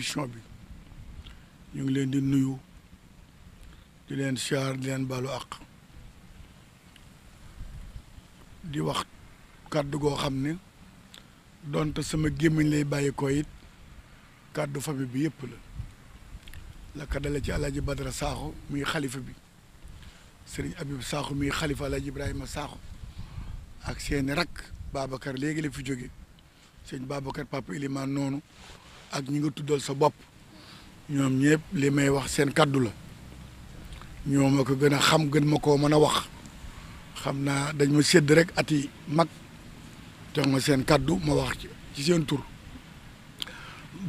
distribution bi ñu ngi leen di nuyu di leen siyaar di leen baalu àq di wax kàddu goo xam ne donte sama gémmiñ lay bàyyi ko it kàddu famille bi yëpp la la dale ci alaaji Badara Sakho muy xalifa bi sëriñ Abib Sakho muy xalifa alaaji Ibrahima Sakho ak seeni rakk Babacar léegi la fi jóge sëñ Babacar papa Iliman noonu ak ñi nga tuddal sa bopp ñoom ñëpp li may wax seen kàddu la ñoo ma ko gën a xam gën ma koo mën a wax xam naa dañ ma sédd rek at mag jox ma seen kàddu ma wax ci seen tur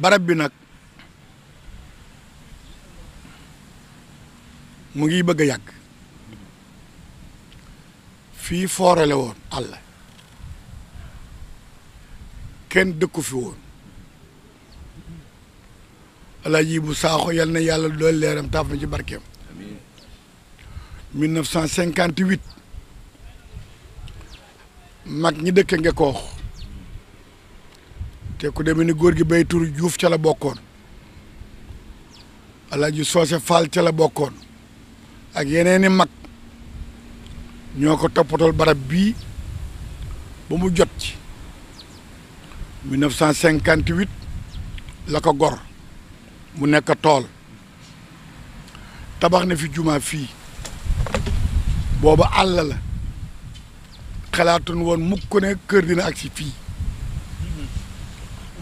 barab bi nag mu ngi bëgg a yàgg fii foorale woon àll kenn dëkku fi woon ji bu saaxo yal na yàlla doo leeram taaf na ci barkeem 1958 mag ñi dëkk Ngekoox te ku demee ni góor gi Baytur Juuf ca la bokkoon alaaji Soose Faal ca la bokkoon ak yeneeni mag ñoo ko toppatool barab bii ba mu jot ci 1958 la ko gor mu nekk tool tabax na fi jumaa fii booba àll la xalaatoon woon mukk ne kër dina ak si fii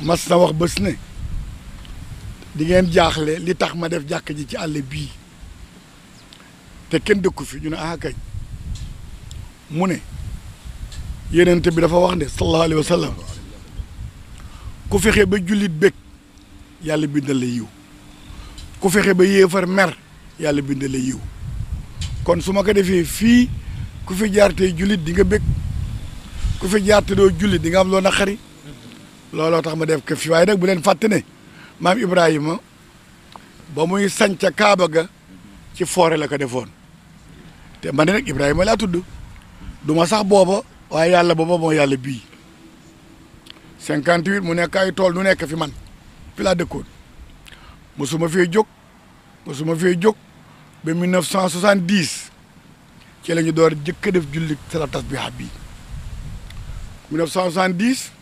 mas na wax bés ne di ngeen jaaxle li tax ma def jàkk ji ci àll bii te kenn dëkku fi ñu ne ah kañ mu ne yeneen bi dafa wax ne sallallahu alayhi wa ku fexe ba jullit bég yàlla bindal la yiw ku fexe ba yéefar mer yàlla bind la yiw kon su ma ko defee fii ku fi jaar tey jullit di nga bëgg ku fi jaar doo jullit di nga am loo xari looloo tax ma def ko fi waaye nag bu leen fàtte ne maam Ibrahima ba muy sanca Kaaba ga ci foore la ko defoon te man nag Ibrahima laa tudd duma sax booba waaye yàlla booba moo yàlla bii cinquante-huit mu nekk tool nu nekk fi man fi laa dëkkoon mosuma fee jóg. ko su ma fee jóg ba 1970 ci la ñu door jëkk a def julli salaat tasbiha bi 1970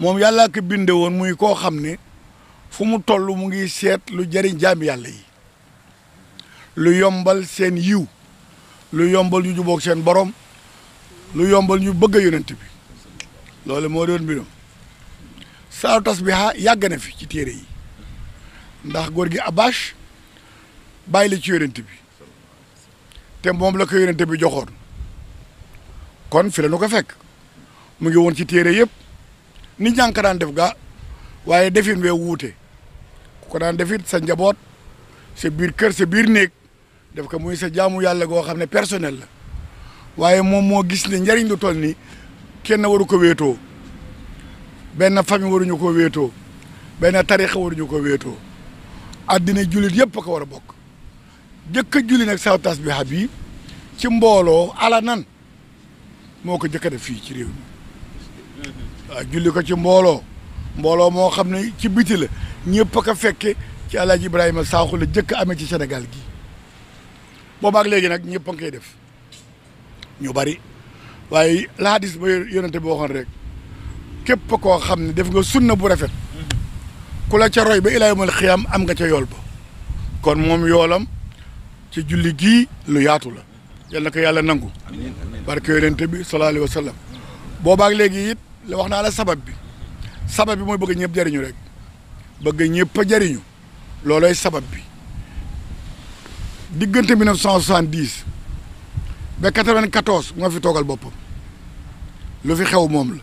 moom yàllaa ko binde woon muy koo xam ne fu mu toll mu ngi seet lu jëriñ jaami yàlla yi lu yombal seen yiw lu yombal ñu jubóog seen borom lu yombal ñu bëgg a yonent bi loolu moo doon mbiram salaatu tasbiha yàgg na fi ci téere yi ndax góor gi abache bàyyi la ci yonent bi te moom la ko yonent bi joxoon kon fi la nu ko fekk mu ngi woon ci téere yëpp nit ñaa ngi ko daan def gaa waaye defin wee wuute ko daan defit sa njaboot sa biir kër sa biir néeg def ko muy sa jaamu yàlla goo xam ne personnel la waaye moom moo gis ne njariñ lu toll ni kenn waru ko wéetoo benn famille waruñu ko wéetoo benn tarixa waruñu ko wéetoo addina jullit yëpp ko war a bokk jëkk a julli nag saw tasbiha bi ci mbooloo ala nan moo ko jëkk a def fii ci réew mi waaw julli ko ci mbooloo mbooloo moo xam ne ci biti la ñëpp a ko fekke ci alaaji Ibrahima Sakho la jëkk amee ci Sénégal gi boobaak léegi nag ñëpp a ngi def ñu bari waaye la hadis ba yonente bi waxoon rek képp koo xam ne def nga sunna bu rafet ku la ca roy ba ilaa yawmal xiyaam am nga ca yool ba kon moom yoolam te julli gii lu yaatu la yal na yàlla nangu barke yonent bi sallallahu boobaak léegi it wax naa la sabab bi sabab bi mooy bëgg ñëpp jariñu rek bëgg ñëpp a jariñu loolooy sabab bi diggante 1970 ba 94 moo fi toogal boppam lu fi xew moom la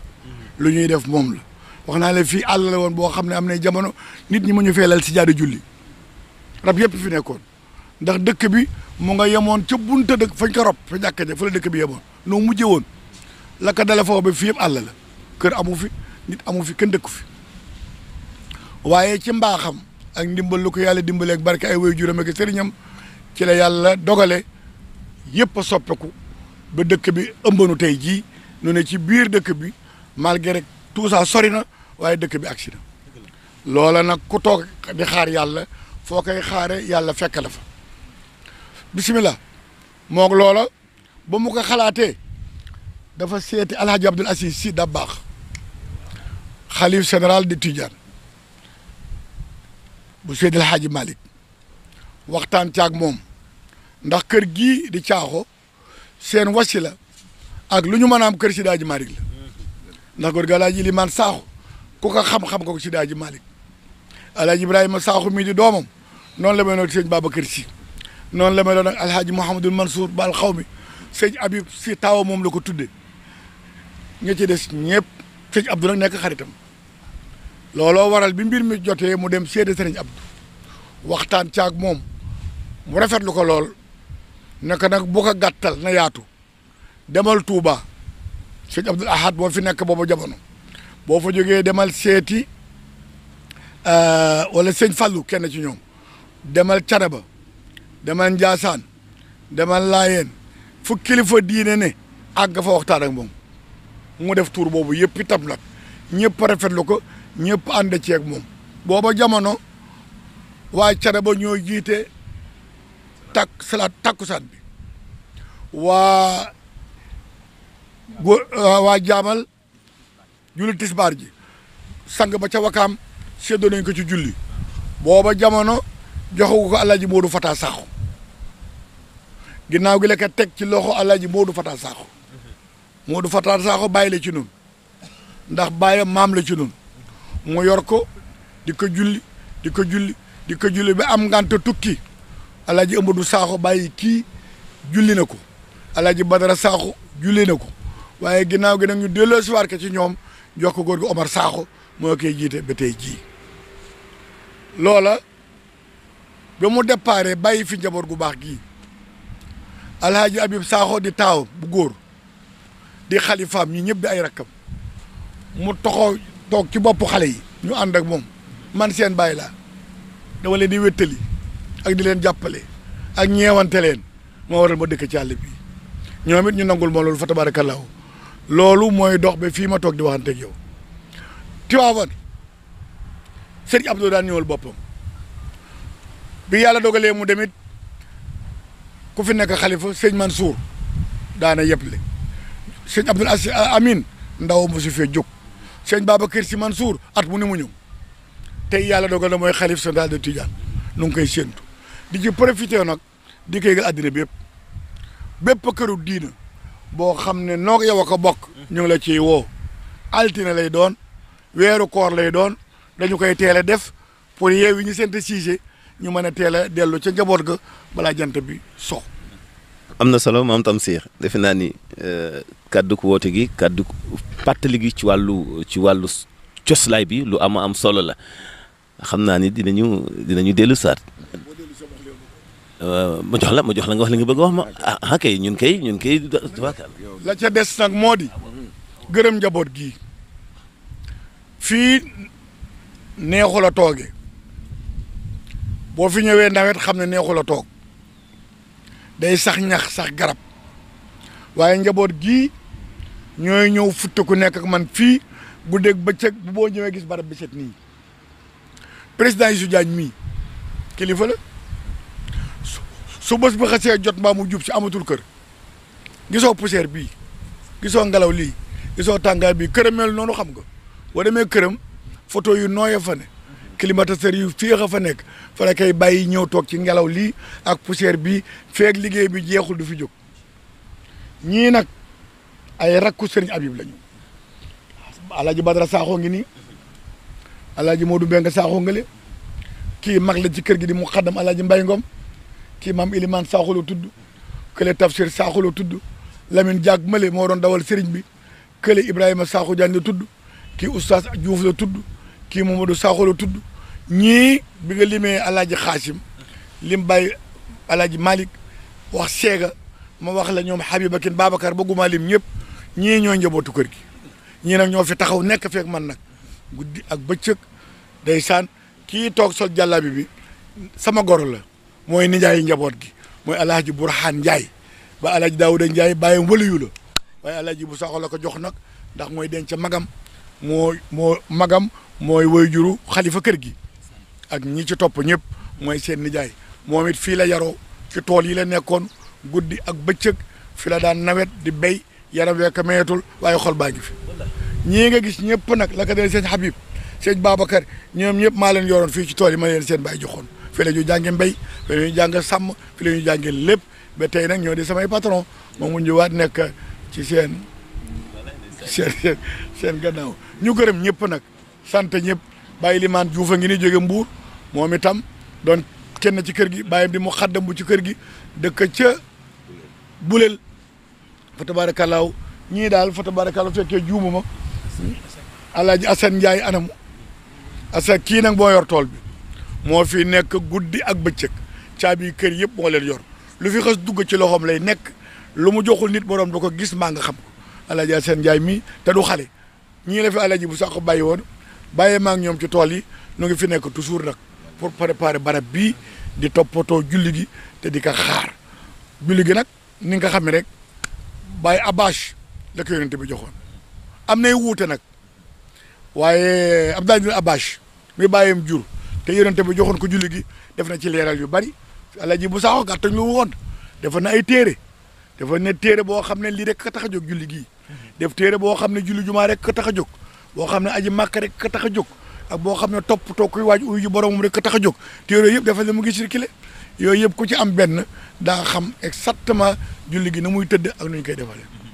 lu ñuy def moom la wax naa la fii àll la woon boo xam ne am na jamono nit ñi mu ñu feelal si jaadu julli rab yëpp fi nekkoon ndax dëkk bi mu nga yemoon ca bunta dëkk fañ ko rob fa jàkka ja fa la dëkk bi yemoon noo mujjee woon la ko dale foofu ba fii yëpp àll la kër amu fi nit amu fi kenn dëkku fi waaye ci mbaaxam ak ndimbal lu ko yàlla dimbaleek barke ay way juróom ak sëriñam ci la yàlla dogale yépp a soppeku ba dëkk bi ëmbanu tey jii nu ci biir dëkk bi malgré tout ça sori na waaye dëkk bi agsi na loola nag ku toog di xaar yàlla foo koy xaare yàlla fekk la fa bismillah mok lolo ba mu ko khalaté dafa seeti alhaji abdul assis si dabbaax khalif général de Tidiane bu alhaji malik ci ak mom ndax kër gi di caaxo sen wasila ak luñu ñu kër malik la ndax góor gi alaaji kham saaxu ku ko xam-xam ko malik alaaji ibrahim saxu mi di domam non la may babakar Si noonu la meloon ak alxaaji Mouhamadul Mansour Baal xaw mi sëñ Habib si taawa moom la ko tudde nga ci des ñëpp sëñ Abdou nag nekk xaritam looloo waral bi mbir mi jotee mu dem seede sëriñ Abdou waxtaan caag moom mu rafetlu ko lool naka nag bu ko gàttal na yaatu demal Touba sëñ Abdoul Ahad boo fi nekk boobu jamono boo fa jógee demal seeti euh, wala sëñ fallu kenn ci ñoom demal Canaba. dama njaasan dama layen fu kilifa diine ne ag fa waxtaan ak mom mu def tour boobu yëpp itam nyep ñëpp rafetlu ko ñëpp ci ak mom booba jamono waa ciara ba ñoy jité tak salat takusan bi Wa wa jamal julli tisbar ji sang ba ca wakam seddo nañ ko ci julli booba jamono joxewu ko alaaji modou Fata saxu ginnaaw gi la teg ci loxo alaaji Modou Fatal Sakho Modou Fatal Sakho bàyyi la ci ndax bàyyi maam la ci nun mu yor ko di ko julli di ko julli di ko julli ba am ngànte tukki alaaji Amadou Sakho bàyyi kii julli na ko alaaji Badara Sakho julli na ko waaye ginnaaw gi nag ñu delloo si waat ci ñoom jox ko góor gi Omar Sakho moo koy jiite ba tey jii loola ba mu déparé bàyyi fi njaboot gu baax gii alhaji abib saaxoo di taw bu gor di Khalifah ñi ñepp di ay rakam mu toxoo tok ci bop xalé yi ñu and ak mom man seen bàyyi dama leen di wéttali ak di leen jappalé ak ñewante leen mo waral ba dëkk ci Allah bi ñoom ñu nangul mo lolu fa tabarakallah lolu moy dox be fi ma tok di waxante ak yow Tiwaawan serigne Abdou ñewul bopam bi yalla dogalé mu demit ku fi nekk xalifa sëñ Mansour daana yeble sëñ Abdoul Aziz Amin ndaw mu si fee jóg sëñ Babacar Sy Mansour at mu ni mu ñëw te yàlla dogal na mooy xalif central de Tidiane nu ngi koy séentu di ci profité nag di ko yëgal àddina bi yëpp këru diina boo xam ne noog yow a bokk ñu ngi la ciy woo altine lay doon weeru koor lay doon dañu koy teel a def pour yeew yi ñu sent siise ñu mën a teel a dellu ca njaboot ga balaa jant bi so am na solo maam Tamsir defe naa ni euh, kàddu ko woote gi kàddu pàttali gi ci wàllu ci wàllu coslaay bi lu ama am solo la xam naa ni dinañu dinañu dellu saat euh, ma jox la ma jox la nga wax li nga bëgg a wax ma ah, ah kay ñun kay ñun kay la ca des nag moo di gërëm njaboot gi fii neexul a tooge boo fi ñëwee nawet xam ne neexul a toog day sax ñax sax garab waaye njaboot gii ñooy ñëw futti ku nekk ak man fii bu dégg bëccëg bu boo ñëwee gis barab bi set nii président Youssou Diagne mii kilifa la su bés bu xasee jot mbaa mu jub si amatul kër gisoo poussière bii gisoo ngelaw lii gisoo tàngaay bii këram mel noonu xam nga boo demee këram foto yu nooyee fane climatiseur yu fi a fa nekk fa la kay bayyi ñew tok ci ngelaw li ak poussière bi feeg liggey bi jeexul du fi jóg ñi nak ay rakku serigne Habib lañu Alaaji badra saxo ngi ni Alaaji Modou benga saxo ngale ki mag la ci kër gi di mu xadam Alaaji Mbay Ngom ki mam iliman saxo la tuddu kele Tafsir saxo la tuddu Lamine jag Male mo doon dawal serigne bi kele Ibrahima saxo jandi tuddu ki Oustaz djouf la tuddu kii Mamadou Sakho la tudd ñii bi nga limee alaaji xaasim lim bàyyi alaaji Malick wax seega ma wax la ñoom Habibakin Babacar bëgguma lim ñëpp ñii ñoo njabootu kër gi ñii nag ñoo fi taxaw nek feek man nak guddi ak bëccëg day saan kii sol jàllabi bi sama goro la mooy nijaayu njaboot gi mooy alaaji Burhan Ndiaye ba alaaji Daouda Ndiaye bàyyam wëliyu la waaye alaaji bu Sakho la ko jox nag ndax mooy denc magam moo moo magam mooy woy juru xalifa kër gi ak ñi ci topp ñëpp mooy seen nijaay moom it fii la yaroo ci tool yi la nekkoon guddi ak bëccëg fi la daan nawet di béy yaram weeka mayetul waaye xol baa ngi fi ñii nga gis ñëpp nag la ko dee sëñ Habib sëñ Babacar ñoom ñëpp maa leen yoroon fii ci tool yi ma leen seen baay joxoon fi la ñu jànge mbéy fi la ñu jàng sàmm fi la ñu jànge lépp ba tey nag ñoo di samay patron moom mu ñëwaat nekk ci seen seen gannaaw ñu gërëm ñëpp nag sant ñëpp bàyyi limaan Juuf a ngi ni jóge Mbuur moom itam doon kenn ci kër gi bàyyam bi mu xaddam bu ci kër gi dëkk ca bulel fa tabaarakalaaw ñii daal fa tabaarakalaaw fekkee juuma ma alaaji Assane Ndiaye anamu Assane kii nag moo yor tool bi moo fi nekk guddi ak bëccëg caabi kër yëpp moo leen yor lu fi xas dugg ci loxoom lay nekk lu mu joxul nit boroom da ko gis maa nga xam ko Alaji sen jay mi te du xale ñi la fi alaaji bu sax bàyyi woon bàyyee maak ñom ci tool yi ñu ngi fi nek toujours nak pour préparer barab bi di topoto julli gi te di ka xaar julli gi nak ni nga xamé rek baye abache la ko yonent bi joxoon amna nay wuute abache mi jur te yonent bi joxoon ko julli gi def na ci leral yu bari alaaji bu sax gàttañ lu won dafa na ay téré dafa ne téere boo rek ka def téere boo xam ne julli jumaa rek ka tax jóg boo xam ne aji màkk rek ka tax a jóg ak boo xam ne toppatoo kuy waaj uyu ji boromam rek ka tax a jóg téere yooyu yëpp defal ne mu ngi circulé yooyu yëpp ku ci am benn daa xam exactement julli gi na muy tëdd ak nu ñu koy defalee